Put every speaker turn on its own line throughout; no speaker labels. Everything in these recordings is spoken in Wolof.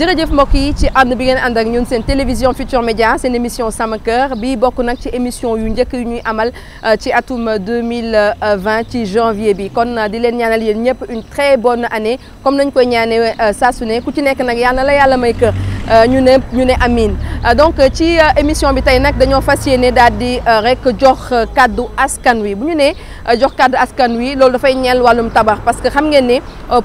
jërëjëf mbokk yi ci ànd bi ngeen ànd ak ñun seen télévision Futur Média seen émission Sama Kër bi bokk nag ci émission yu njëkk yu ñuy amal euh, ci atum 2020 ci janvier bi kon euh, di leen ñaanal yéen ñëpp une très bonne année comme nañ koy ñaanee euh, saa su ne ku ci nekk nag yàlla na la yàlla may kër Euh, ñu ne ñu ne amiin euh, donc euh, ci émission bi tey nag dañoo fas yéene daal di rek jox kàddu askan wi bu ñu nee jox kàddu askan wi loolu dafay ñeel wàllum tabax parce que xam ngeen ne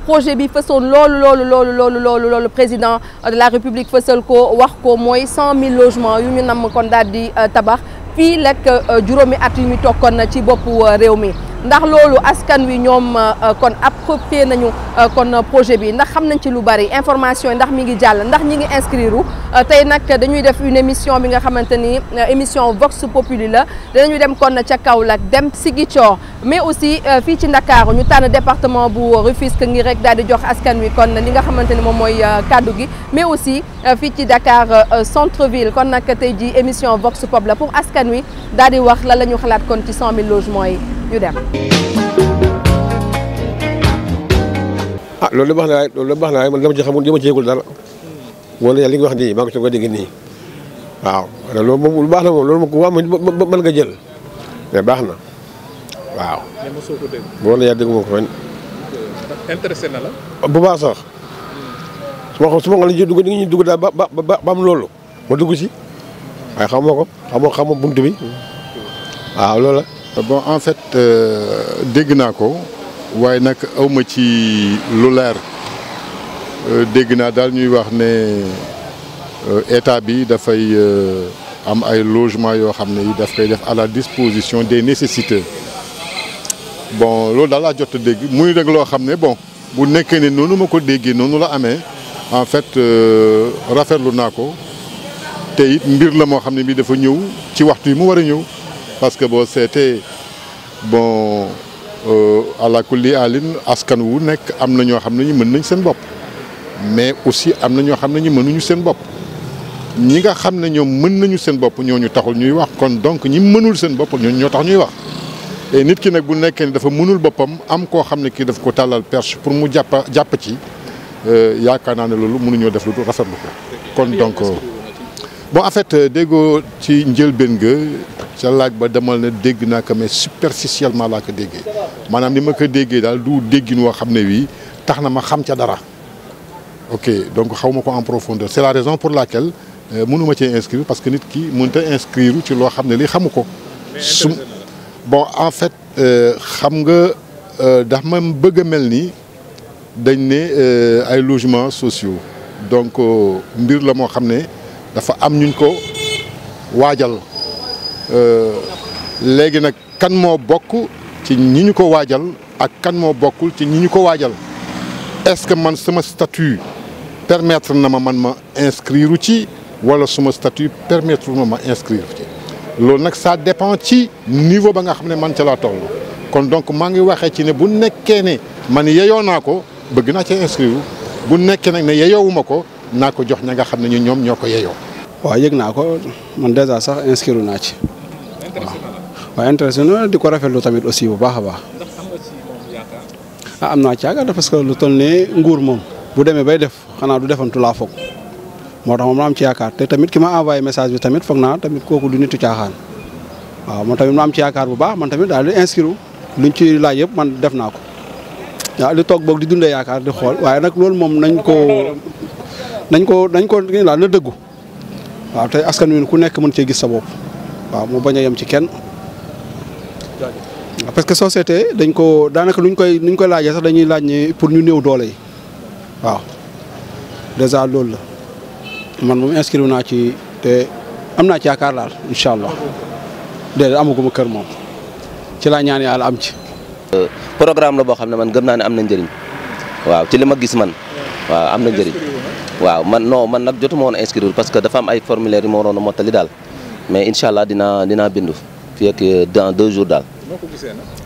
projet bi fësoon loolu loolu loolu loolu loolu loolu président de la république fësal ko wax ko mooy cent mille logements yu ñu namm kon daal di tabax fii lekk juróomi at yu ñu tokkoon ci boppu réew mi. ndax loolu askan wi ñoom euh, kon ab approprié nañu euh, kon projet bi ndax xam nañ ci lu bari information yi ndax mi ngi jàll ndax ñi ngi inscrire euh, tey nag dañuy def une émission bi nga xamante ni émission Vox Populi la danañu dem kon ca Kaolack dem Ziguinchor mais aussi fii ci Ndakaaru ñu tànn département bu Rufisque ngir rek daal di jox askan wi kon li nga xamante ni moom mooy kàddu gi mais aussi fii ci Dakar centre ville kon nag tey ji émission Vox Pop la pour askan wi daal di wax la la ñu xalaat kon ci 100 000 yi ñu
ah, loolu la baax na waaye loolu la baax na waaye man dama ci xamul dama ci yëgul dara wala li nga wax nii maa ngi soog a dégg nii waaw loolu moom lu baax na moom loolu moom ku wax mën nga jël mais baax na waaw. mais mosoo ko dégg. wala ko
na la.
bu baax sax su ma su ma nga la ñuy dugg ni ñuy dugg daal ba ba am loolu ma dugg si waaye xamoo ko xam xamoo bunt bi waaw loolu bon en fait euh, dégg naa ko waaye nag awma ci lu leer euh, dégg naa daal ñuy wax ne euh, état bi dafay am ay logement yoo xam ne yi daf koy def à la disposition des nécessiteux bon loolu daal laa jot a dégg muy rek loo xam ne bon bu nekkee ne noonu ma ko déggee noonu la amee en fait rafetlu naa ko te it mbir la moo xam ne bi dafa ñëw ci waxtu yi mu war a ñëw parce que boo seetee bon euh, àlakulli alin askan wu nekk am na ñoo xam ne ñu mën nañ seen bopp mais aussi am na ñoo xam ne ñu mënuñu seen bopp ñi nga xam ne ñoom mën nañu seen bopp ñoo ñu taxul ñuy wax kon donc ñi mënul seen bopp ñooñu ñoo tax ñuy wax nit ki nag bu nekkee ni dafa mënul boppam am koo xam ne kii def ko tàllal perche pour mu jàpp jàpp ci euh, yaakaar naa ne loolu mënuñoo def lu rafetlu ko kon donc euh, bon en fait euh, déggoo ci njëlbéen ga sa laaj ba demal na dégg naa ko mais superficiellement laa ko déggee maanaam ni ma ko déggee daal du déggin woo xam ne wii tax na ma xam ca dara ok donc xaw ma ko en profondeur c'est la raison pour laquelle euh, munuma ci inscrire parce que nit ki mënta inscrire ci loo xam ne lii xamu ko su bon en fait euh, xam nga dax ma bëgg a mel ni dañ ne ay logements sociaux donc mbir la moo xam ne dafa am ñuñ ko waajal euh, léegi nag kan moo bokk ci ñi ñu ko waajal ak kan moo bokkul ci ñi ñu ko waajal est-ce que man sama statut permettre na ma man ma inscrire ci wala suma statut permettre ma ma inscrire ci loolu nag ça dépend ci niveau ba nga xam ne man ca laa toll kon donc maa ngi waxee ci ne bu nekkee ne man yeyoo naa ko bëgg naa cee inscrire bu nekkee nag ne yeyoowuma ko naa ko jox ña nga xam ne ñu ñoom ñoo ko yeyoo. waaw yëg naa ko man dèjà sax inscrire
naa ci. waaw waaw di ko rafetlu tamit aussi bu baax a baax. ah am naa caaga parce que lu toll ne nguur moom bu demee bay def xanaa du defantu laa foog moo tax moom la ci yaakaar te tamit ki ma envoyé message bi tamit foog naa tamit kooku du nitu caaxaan waaw man tamit ma am ci yaakaar bu baax man tamit daal di inscrire luñ ci laaj yëpp man def naa ko waaw li toog boog di dundee yaakaar di xool waaye nag loolu moom nañ ko nañ ko nañ ko daal na dëggu waaw tey askan wi ku nekk mën cee gis sa bopp waaw mu bañ a yem ci kenn. parce que société dañ ko daanaka luñ koy luñ koy laajee sax dañuy laaj ni pour ñu néew doole yi waaw dèjà loolu la man moom inscrire naa ci te am naa ci yaakaar daal incha allah déedéet ma kër moom ci laa ñaan yàlla am ci. Euh,
programme la boo xam ne man gëm naa ne am na njëriñ waaw ci li ma gis man waaw am na njëriñ. waaw man non man nag jotuma woon inscrire parce que dafa am ay formulaire yu ma waroon a mottali daal mais incha allah dina dinaa bindu fii ak euh, dans deux jours daal.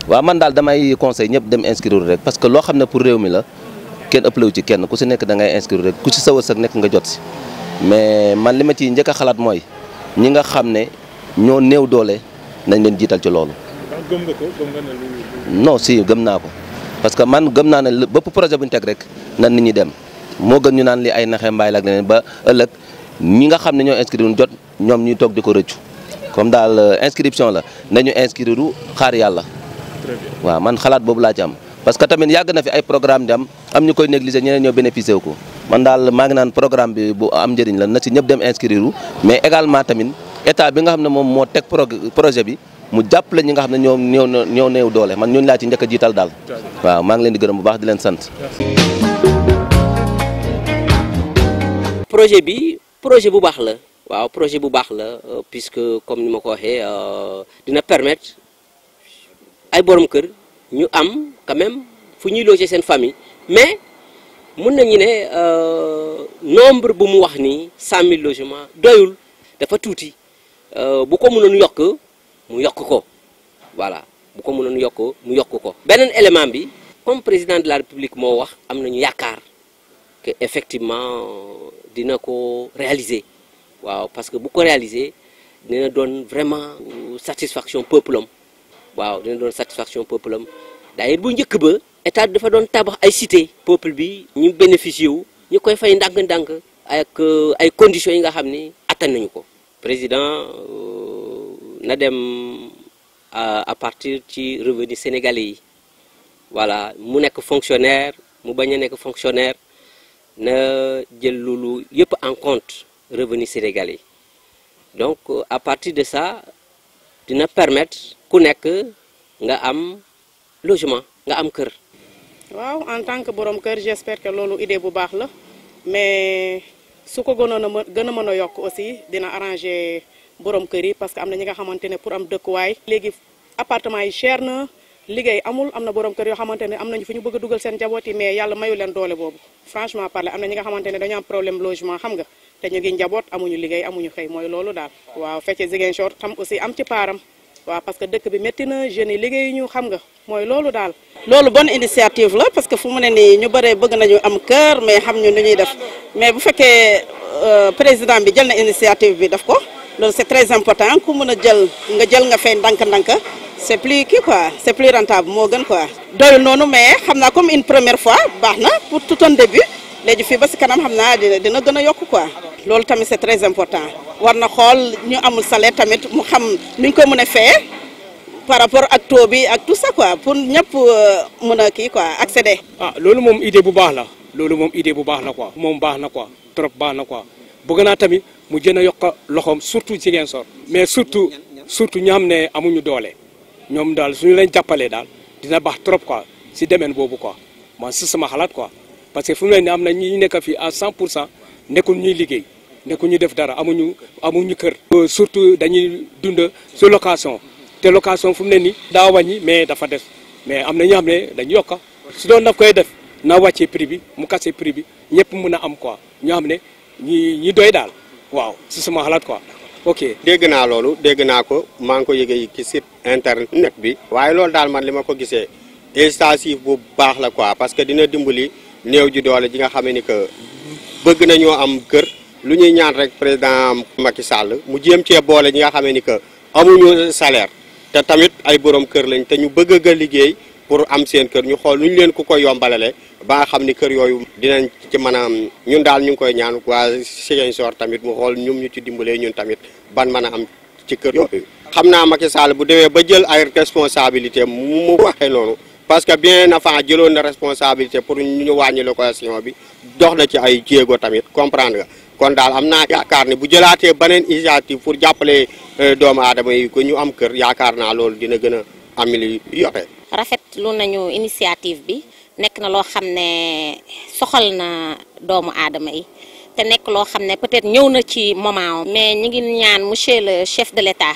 waaw man daal damay conseil ñëpp dem inscrire rek parce que loo xam ne pour réew mi la kenn ëppalewu ci kenn ku si nekk da ngay inscrire rek ku si sa wërsëg nekk nga jot si. mais man li ma ci njëkk a xalaat mooy ñi nga xam ne ñoo néew doole nañ leen jiital ci loolu.
gëm
si gëm naa ko parce que man gëm naa ne bépp projet bu ñu teg rek nan nit ñi dem. moo gën ñu naan li ay naxe mbaay la ak leneen ba ëllëg ñi nga xam ne ñoo inscrire jot ñoom ñuy toog di ko rëccu comme daal euh, inscription la nañu inscrire xaar yàlla. waaw man xalaat boobu laa ci am. parce que tamit yàgg na fi ay programme di am ñu koy négliger ñeneen ñoo bénéficié wu ko man daal maa ngi naan programme bi bu am njëriñ la na ci ñëpp dem inscrire mais également tamit état bi nga xam ne moom moo teg projet bi. mu jàppale ñi nga xam ne ñoo ñoo néew doole man ñooñu laa ci njëkk jiital daal. gërëm bu baax di leen sant.
projet bi projet bu baax la waaw projet bu baax la euh, puisque comme ni ma ko waxee euh, dina permettre ay borom kër ñu am quand même fu ñuy loger seen famille mais mun nañu ne euh, nombre bu mu wax ni cent doyul dafa tuuti bu ko mënoon yokk mu yokk ko voilà bu ko mënoon yokk mu yokk ko. beneen élément bi comme président de la république moo wax am nañu yaakaar que effectivement. dina ko réaliser waaw parce que bu ko réaliser dina doon vraiment euh, satisfaction peuple am waaw dina doon satisfaction peuple am d'ailleurs bu njëkk ba état dafa doon tabax ay cité peuple bi ñu bénéficier wu ñu koy fay ndànk-ndànk ak euh, ay conditions yi nga xam ni attan nañu ko président euh, na dem à partir ci revenu sénégalais yi voilà mu nekk fonctionnaire mu bañ a nekk fonctionnaire na jël loolu yëpp en compte revenu sénégalais yi donc à partir de ça dina permettre ku nekk nga am logement nga am kër.
waaw en tant que borom kër j'espère que loolu idée bu baax la mais su ko gënoon a gën a mën a yokk aussi dina arranger borom kër yi parce que am na ñi nga xamante ne pour am dëkkuwaay. léegi appartement yi cher na. liggéey amul am na borom kër yoo xamante ne am nañu fu ñu bëgg dugal seen njaboot yi mais yàlla mayu leen doole boobu franchement parler am na ñi nga xamante ne dañu am problème logement xam nga te ñu ngi njaboot amuñu liggéey amuñu xëy mooy loolu daal waaw fekkee Ziguinchor tam aussi am paaram waaw parce que dëkk bi métti na jeunes yi liggéey ñu nga mooy loolu daal
loolu bonne initiative la parce que fu mu ne nii ñu bëree bëgg nañu am kër mais xam ñu nu ñuy def mais bu fekkee euh, président bi jël na initiative bi def ko loolu c'est très important ku mën a jël nga jël nga fay ndànk-ndànk c'est plus kii quoi c'est plus rentable moo gën quoi doyul noonu mais xam naa comme une première fois baax na pour tout un début léegi fii ba si kanam xam naa dina dina gën a yokk quoi loolu tamit c'est très important war na xool ñu amul salaire tamit mu xam nuñ ko mën a fee par rapport ak taux bi ak tout ça pour ñëpp euh, mën a kii quoi accéder. ah loolu moom idée bu baax la loolu moom idée bu baax la quoi moom baax na quoi
trop baax na quoi bëgg naa tamit mu jën a yokk loxoom surtout Ziguinchor mais surtout surtout ñi xam ne amuñu doole. ñoom daal suñu leen jàppalee daal dina baax trop quoi si domaine boobu quoi man si sama xalaat quoi parce que fu mu ne nii am na ñi nekk fii à 100 pour cent nekkul ñuy liggéey nekkul ñuy def dara amuñu amuñu kër. Euh, surtout dañuy dund su location te location fu mu ne nii daa wàññi mais dafa des mais am na ñoo xam ne dañu yokk su doon daf koy def na wàccee prix bi mu kase prix bi ñëpp mun a am quoi ñoo xam ne ñi ñi doy daal waaw si sama xalaat quoi. ok dégg naa loolu dégg naa ko maa ngi ko yëgee ci site internet bi. waaye loolu daal man li ma ko gisee incitatif bu baax la quoi parce que dina dimbali néew ji doole ji nga xam ni que bëgg nañoo am kër. lu ñuy ñaan rek président Macky sàll mu jéem cee boole ñi nga xame ni que amuñu salaire te tamit ay borom kër lañ te ñu bëgg a liggéey pour am seen kër ñu xool lu ñu leen ku ko yombalale ba nga xam ni kër yooyu dinañ ci mën a ñun daal ñu ngi koy ñaan waa Ziguinchor tamit mu xool ñoom ñu ci dimbalee ñun tamit ban man a am ci kër yooyu xam naa Macky Sall bu demee ba jël ay responsabilité mu waxee noonu parce que bien avant jëloon na responsabilité pour ñu wàññi location bi dox na ci ay jéego tamit comprendre nga kon daal am naa yaakaar ne bu jëlaatee beneen initiative pour jàppale euh, doomu aadama yi ko ñu am kër yaakaar naa loolu dina gën a amili yoxe
nekk na loo xam ne soxal na doomu aadama yi te nekk loo xam ne peut-être ñëw na ci moment mais ñu ngi ñaan monsieur le chef de l'État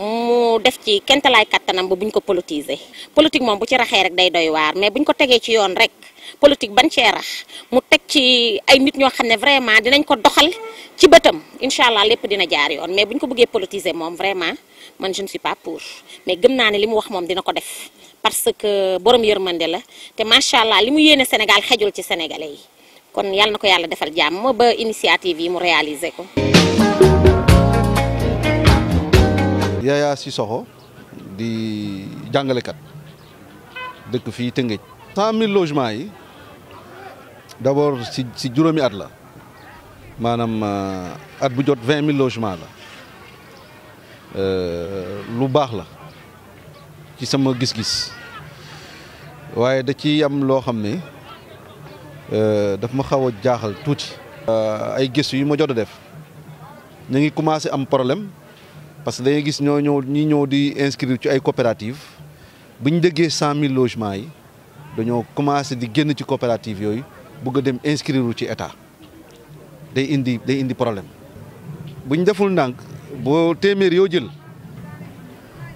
mu def ci kentalaay kattanam bu buñ ko politiser politique moom bu ci raxee rek day doy waar mais buñ ko tegee ci yoon rek politique bañ cee rax mu teg ci ay nit ñoo xam ne vraiment dinañ ko doxal ci bëtam incha allah lépp dina jaar yoon mais bu buñ ko bëggee politiser moom vraiment man je ne suis pas pour mais gëm naa ne li mu wax moom dina ko def. parce que borom yërmande la te macha allah li mu yéene Sénégal xejul ci sénégalais yi kon yàlla na ko yàlla defal jàmm ba initiative yi mu réaliser ko.
Yaya Cissokho di jàngalekat dëkk fii Tëngéej. 100000 logements yi d'abord si si juróomi at la maanaam euh, at bu jot 20000 logements la euh, lu baax la ci sama gis-gis. waaye da ci am loo xam ne euh, daf ma xaw a jaaxal tuuti. Euh, ay gëstu yu ma jot a def ñu ngi commencé am problème parce que dañuy gis ñoo ñëw ñi ñëw di inscrire ci ay coopérative bu ñu déggee cent mille logements yi dañoo commencé di génn ci coopérative yooyu bëgg a dem inscrire ci état day indi day indi problème bu ñu deful ndànk boo téeméer yoo jël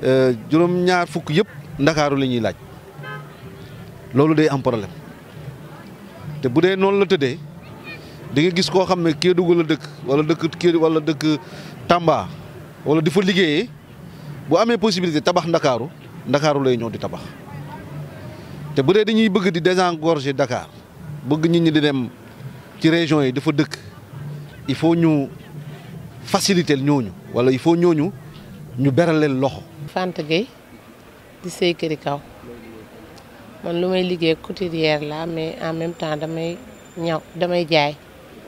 euh, juróom-ñaar fukk yëpp ndakaaru la ñuy laaj. loolu day am problème te bu dee noonu la tëddee di nga gis koo xam ne Kédougou a dëkk wala dëkk Kédougou wala dëkk Tamba wala di fa liggéeyee bu amee possibilité tabax Ndakaaru Ndakaaru lay ñëw di tabax te bu dee dañuy bëgg di désengorger Dakar bëgg nit ñi di dem ci région yi dafa dëkk il faut ñu faciliter ñooñu wala il faut ñooñu ñu beral leen loxo.
Fante Gueye man lu may liggéey couturière la mais en même temps damay ñaw damay jaay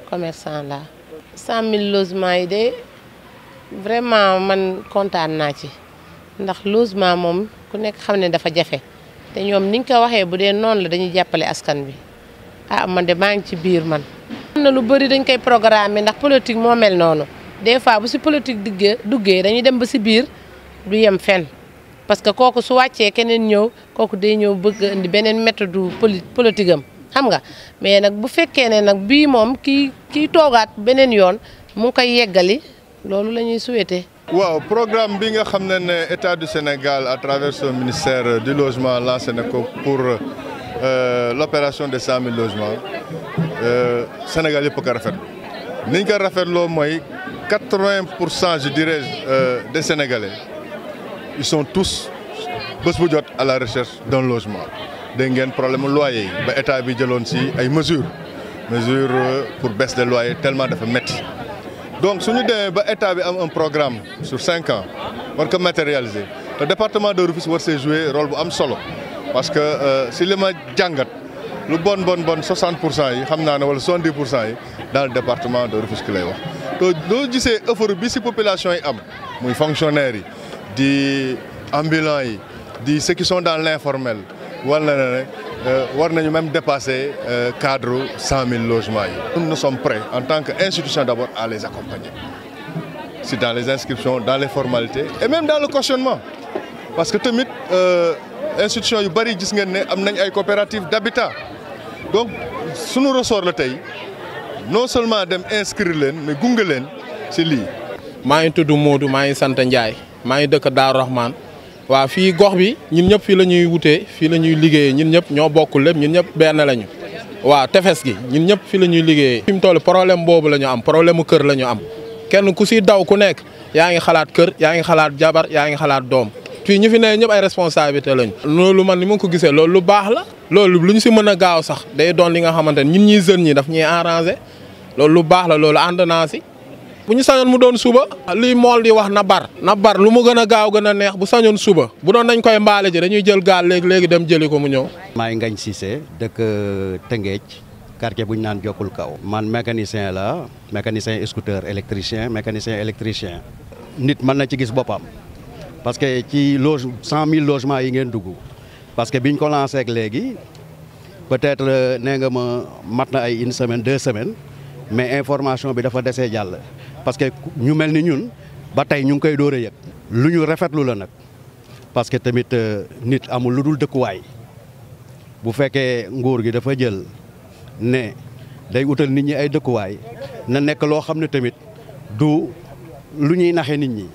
commerçant la cent mille logement yi de vraiment man kontaan naa ci ndax logement moom ku nekk xam ne dafa jafe te ñoom niñ ko waxee bu dee noonu la dañuy jàppale askan bi ah man de maa ngi ci biir man am na lu bëri dañ koy programme ndax politique moo mel noonu des fois bu si politique duggee duggee dañuy dem ba si biir du yem fenn parce que kooku su wàccee keneen ñëw kooku day ñëw bëgg a indi beneen méthode poli politique am xam nga mais nag bu fekkee ne nag bii moom kii kii toogaat beneen yoon mu ngi koy yeggali loolu la ñuy souhaité. waaw programme
bi nga xam ne ne état du Sénégal à travers son ministère du logement lancé na ko pour euh, l'opération de cent mille euh, Sénégal yëpp a ko rafet niñ ko rafetloo mooy quatre-vingts pour cent je dirais euh, des Sénégalais. il sont tous bés bu jot à la recherche d'un logement dégg ngeen problème loyer yi ba état bi jëloon si ay mesures mesures euh, pour bess des loyers tellement dafa métti donc suñu demee ba état bi am un programme sur cinq ans war ko matérialiser te département de Rufisque war see jouer bu am solo parce que euh, si li ma jàngat lu bon bon bon 60 pour cent yi xam naa ne wala 70 pour cent yi daal le département de Rufisque lay wax te doo gisee effort bi si population yi am muy fonctionnaires yi di ambulants yi di ceux qui sont dans l'informel wala na ne euh, war nañu même dépasser euh, cadre cent mille logements yi. nous nous somme prêts en tant que institution d'abord à les accompagner c'est dans les inscriptions dans les formalités et même dans le cautionnement parce que tamit euh, institution yu bari gis ngeen ne am nañ ay coopératives d'habitat donc sunu ressort la tey non seulement dem inscrire leen mais gunge leen ci lii. maa ngi tudd Modou maa ngi sant Ndiaye.
maa ngi dëkk Daaru Rahman waa fii gox bi ñun ñëpp fii la ñuy wutee fii la ñuy liggéeyee ñun ñëpp ñoo bokkul lépp ñun ñëpp benn lañu. waa tefes gi ñun ñëpp fi la ñuy liggéeyee. fi mu toll problème boobu la ñu am problème mu kër lañu am kenn ku si daw ku nekk yaa ngi xalaat kër yaa ngi xalaat jabar yaa ngi xalaat doom fii ñu fi ne ñëpp ay responsabilité lañu. loolu man ni ma ko gisee loolu lu baax la. loolu lu ñu si mën a gaaw sax day doon li nga xamante ne ñun ñii jeunes ñi daf ñuy arranger loolu lu baax la loolu ànd naa bu ñu sañoon mu doon suba lii mool di wax na bar na bar lu mu gën a gaaw gën a neex bu sañoon suba bu doon dañ koy mbaale ji dañuy jël gaal léegi léegi dem jëli ko mu ñëw.
maay ngañ Cissé dëkk euh, Tëngéej quartier bu ñu naan Jokkul Kaw. man mécanicien la mécanicien scooter électricien mécanicien électricien. nit mën na ci gis boppam parce que ci loge cent mille logements yi ngeen dugg parce que biñ ko lancé ak léegi peut-être euh, nee nga ma mat na ay une semaine deux semaines mais information bi dafa desee jàll. parce que ñu mel ni ñun ba tey ñu ngi koy door a yëg lu ñu rafetlu la nag parce que tamit euh, nit amul lu dul dëkkuwaay bu fekkee nguur gi dafa jël ne day wutal nit ñi ay dëkkuwaay na nekk loo xam ne tamit du lu ñuy naxe nit ñi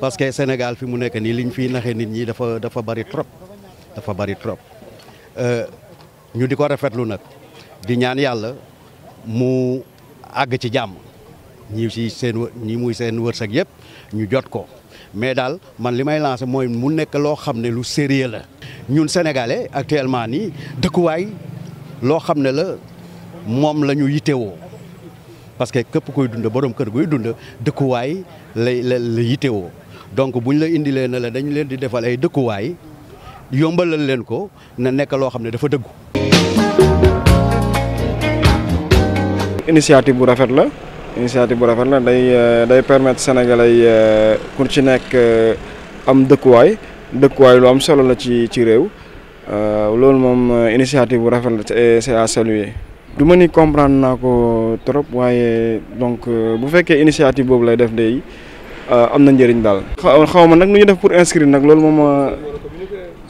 parce que Sénégal fi mu nekk nii liñ fiy naxe nit ñi dafa dafa bari trop dafa bari trop euh, ñu di ko rafetlu nag di ñaan yàlla mu àgg ci jàmm ñi si seen ñi muy seen wërsëg yëpp ñu jot ko mais daal man li may lancé mooy mu nekk loo xam ne lu sérieux la ñun sénégalais actuellement nii dëkkuwaay loo xam ne la moom la ñu yittewoo parce que képp koy dund borom kër guy dund dëkkuwaay lay la la yittewoo donc buñ la indilee na la dañu leen di defal ay dëkkuwaay yombalal leen ko na nekk loo xam ne dafa dëggu
initiative bu rafet la initiative bu rafet la day euh, day permettre sénégalais yi euh, ku ci nekk euh, am dëkkuwaay dëkkuwaay lu am solo la ci ci réew loolu moom initiative bu rafet la ci à saluer. du ma ni comprendre naa ko trop waaye donc bu fekkee initiative boobu lay def day am na njëriñ daal. xaw ma nag nu ñu def pour inscrire nag loolu moom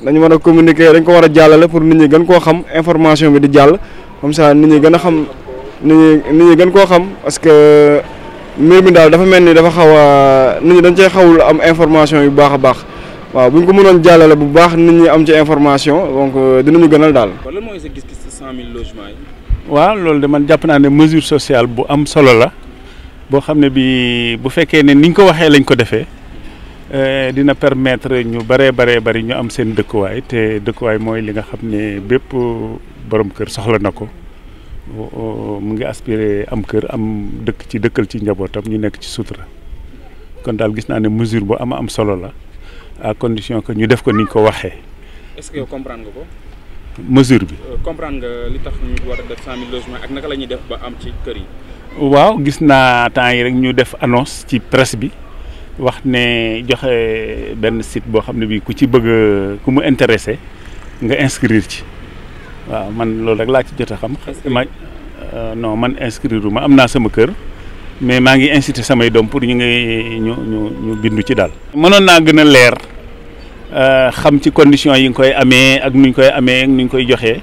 dañu war a communiquer dañ ko war a jàllale pour nit ñi gën koo xam information bi di jàll comme ça nit ñi gën a xam. nit ñi nit ñi gën koo xam parce que mbir mi daal dafa mel ni dafa xaw a nit ñi dañ cee xawul am information yu baax a baax waaw bu ñu ko mënoon jàllale bu baax ni ñi am ci information donc euh, ñu gënal daal. kon lan mooy sa gis-gis ci 100000
waaw loolu de man jàpp naa ne mesure sociale bu am solo la boo xam ne bii bu fekkee ne ni ñu ko waxee lañ ko defee. Euh, dina permettre ñu bëree baree bari ñu am seen dëkkuwaay te dëkkuwaay mooy li nga xam ne bépp borom kër soxla na ko mu ngi aspiré am kër am dëkk ci dëkkal ci njabootam ñu nekk ci sutura kon daal gis naa ne mesure bu ama am solo la à condition que ñu def ko ni ñu ko waxee. est-ce que yow ko. mesure bi.
Euh, comprendre li tax ak naka la ñuy def ba am ci kër yi.
waaw gis naa temps yi rek ñu def annonce ci presse bi wax ne joxe benn site boo xam ne bii ku ci bëgg ku mu intéressé nga inscrire ci. waaw man loolu rek laa ci jot a xam. ma euh, non man inscrire ma am naa sama kër. mais maa ngi incité samay doom pour ñu ngi ñu ñu ñu bindu ci daal. mënoon naa gën a leer euh, xam ci conditions yi nga koy amee ak nuñ koy amee ak nuñ koy joxee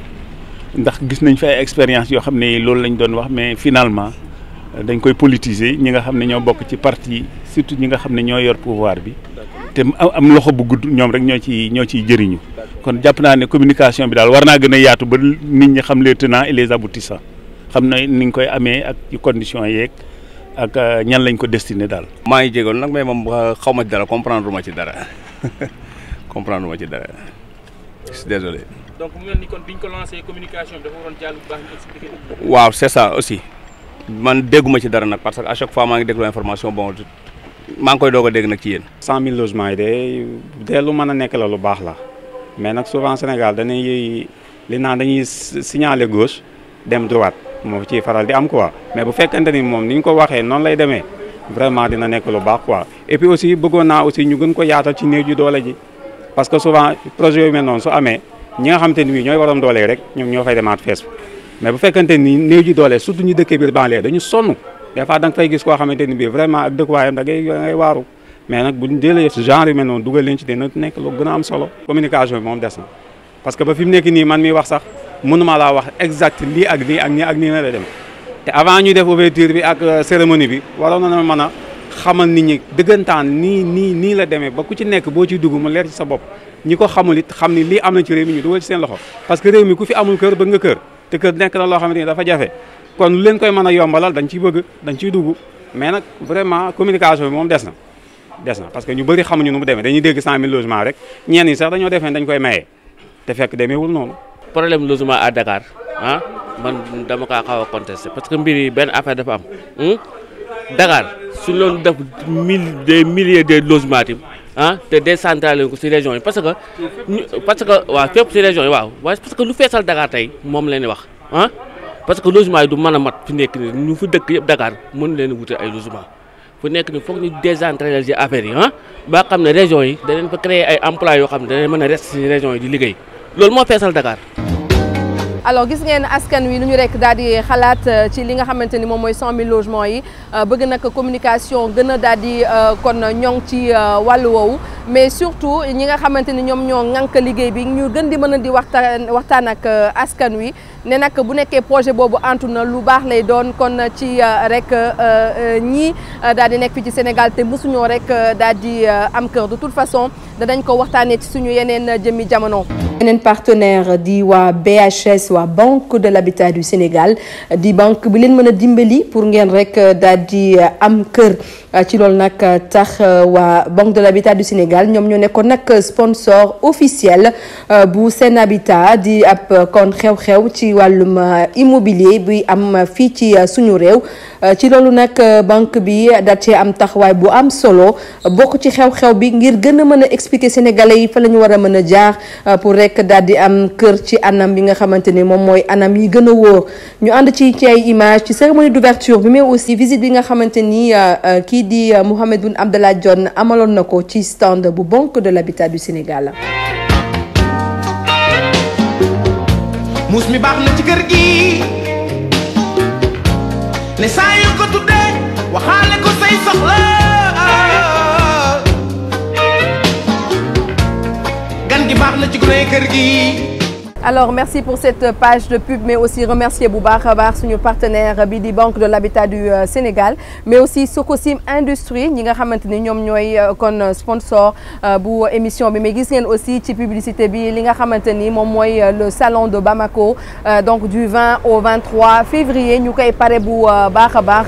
ndax gis nañ fi ay expérience yoo xam ne loolu lañ doon wax mais finalement dañ koy politiser ñi nga xam ne ñoo bokk ci parti surtout ñi nga xam ne ñoo yor pouvoir bi te am loxo bu gudd ñoom rek ñoo ci ñoo ciy jëriñu kon jàpp naa ne communication bi daal war naa gën a yaatu ba nit ñi xam les tenants et les aboutissants xam na ni nga koy amee ak conditions yeeg ak euh, ñan lañ ko destiné daal. maa ngi jégal nag mais moom euh, xaw ma ci comprendre ma ci dara comprendre ma ci dara désolé.
bi ko lancé communication dafa waroon jàll bu baax ñu expliqué. waaw c'est ça aussi man dégguma ci dara nag parce que à chaque fois maa ngi déglu information bon. maa ngi koy doog a dégg nag ci yéen. 100000 logements yi de de lu mën a nekk la lu baax la mais nag souvent Sénégal dañuy li naan dañuy signaler gauche dem droite moo ciy faral di am quoi mais bu fekkente ni moom ni ñu ko waxee noonu lay demee vraiment dina nekk lu baax quoi et puis aussi bëggoon naa aussi ñu gën ko yaatal ci néew ji doole ji parce que souvent projet yu mel noon su amee ñi nga xamante ni bii ñooy waroon doole rek ñoom ñoo fay demaat fees mais bu fekkente ni néew ji ñu dëkkee biir banlieue des fois da nga fay gis koo xamante ni bii vraiment ak dëkkuwaayam da ngay da ngay waaru mais nag buñ jëlee genre yu mel noonu dugal ci dina nekk lu gën am solo communication bi moom des na parce que ba fi mu nekk nii man miy wax sax mënuma laa wax exact lii ak lii ak nii ak nii na la dem te avant ñuy def ouverture bi ak euh, cérémonie bi waroon na mën a xamal nit ñi dëggantaan nii nii nii la demee ba ku ci nekk boo ciy dugg mu leer ci sa bopp ñi ko xamul it xam ni lii am na ci réew mi ñu dugal ci seen loxo parce que réew mi ku fi amul kër bëgg nga kër te kër nekk na loo xam xamante ni dafa jafe kon lu leen koy mën a yombalal dañ ciy bëgg dañ ciy dugg mais nag vraiment communication bi moom des na des na parce que ñu bëri xamuñu nu mu demee dañuy dégg 100000 logements rek ñeen ñi sax dañoo defee dañ koy maye te fekk demeewul noonu.
problème logement à Dakar ah, man dama kaa xaw a contesté parce que mbir benn affaire dafa am hmm? Dakar su loon def mille des milliers de logements yi ah te décentralisé ko si région yi parce que parce que waa fépp si région yi waaw waaye parce que lu feesal Dakar tey moom la ñuy wax ah. parce que logement yi du mën a mat fi nekk ni ñu fi dëkk yëpp Dakar mën leen wute ay logement fu nekk ni foog ñu décentraliser affaire yi ah ba xam ne région yi daneen fa créer ay emploi yoo xam ne daneen mën a reste si région yi di liggéey loolu moo feesal Dakar
alors gis ngeen askan wi lu ñu rek daal di xalaat euh, ci li nga xamante ni moom mooy 100000 logements yi euh, bëgg nag communication gën a daal di euh, kon ñoŋ ci wàllu woowu mais surtout ñi nga xamante ni ñoom ñoo ŋànk liggéey bi ñu gën di mën a di waxtaan waxtaan ak askan wi ne nag bu nekkee projet boobu antu na lu baax lay doon kon ci rek ñii daal di nekk fii ci Sénégal te mësuñoo rek daal di am kër de toute façon. danañ ko waxtaanee ci suñu yeneen jëmi jamono. yeneen partenaire di waa BHS waa banque de l'habitat du Sénégal di banque bi leen mën a dimbali pour ngeen rek daal di am kër. Euh, ci loolu nag euh, tax euh, waa banque de l'habitat du Sénégal ñoom ñoo nekkoon nag sponsor officiel bu seen habitat di ab kon xew-xew ci wàllum immobilier bi am fii ci suñu réew ci loolu nag banque bi da cee am tax taxawaay bu am solo bokk ci xew-xew bi ngir gën a mën a expliquer sénégalais yi fa la ñu war a mën a jaar pour rek daal di am kër ci anam bi nga xamante ni moom mooy anam yi gën a wóor ñu ànd ci ci image ci cérémonie d'ouverture bi mais aussi visite bi di euh, Mohamed Boun Abdallah Dionne amaloon na ko ci stand bu Banque de l'Habitat du Sénégal.
muus mi baax na ci kër gi ne saa ko tuddee waxaale ko say soxla
gan gi baax na ci gune
kër gi. alors merci pour cette page de pub mais aussi remercier bu baax a baax suñu partenaire bi di banque de l'habitat du euh, Sénégal mais aussi Socosim Industrie ñi nga xamante ni ñoom ñooy euh, kon sponsor euh, bu émission bi mais gis ngeen aussi ci publicité bi li nga xamante ni moom mooy le salon de Bamako donc du 20 au 23 février ñu koy pare bu baax a baax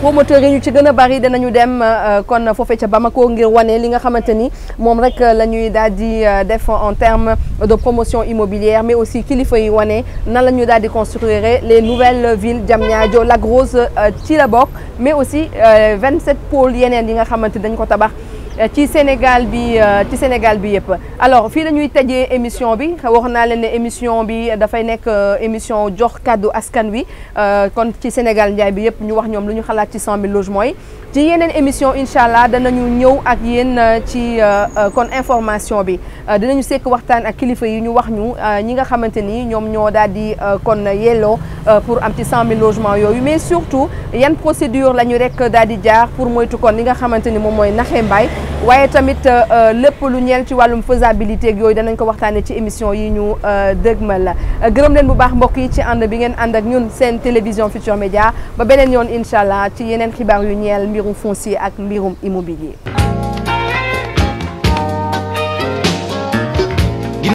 promoteurs yi ñu ci gën a bari danañu dem kon foofee ca Bamako ngir wane li nga xamante ni moom rek la ñuy daal di def en terme de promotion immobilière mais aussi kilifa yi wane nan la ñu daal di construire les nouvelles villes Diamniadio Lac Rose ci la euh, bokk mais aussi 27 euh, pôles yeneen yi nga xamante dañ ko tabax Euh, ci Sénégal bi euh, ci Sénégal bi yëpp alors fii la ñuy tëjee émission bi wax naa leen ne émission bi dafay nekk euh, émission jox kàddu askan wi kon ci Sénégal njaay bi yëpp ñu wax ñoom lu ñu xalaat ci 100000 logements ci yeneen émission incha allah danañu ñëw ak yéen ci kon information bi dinañu sekk waxtaan ak kilifa yi ñu wax ñu ñi nga xamante ni ñoom ñoo daal di kon yelloo pour am ci 100000 logements yooyu mais surtout yan procédure la ñu rek daal di jaar pour moytu kon li nga xamante ni moom mooy naxe mbaay waaye tamit euh, euh, lépp lu ñeel ci wàllum faisabilité yooyu danañ ko waxtaanee ci émission yi ñu euh, dëgma la gërëm leen bu baax mbokk yi ci ànd bi ngeen ànd ak ñun seen télévision Futurs Médias ba beneen yoon incha allah ci yeneen xibaar yu ñeel mbirum foncier ak mbirum immobilier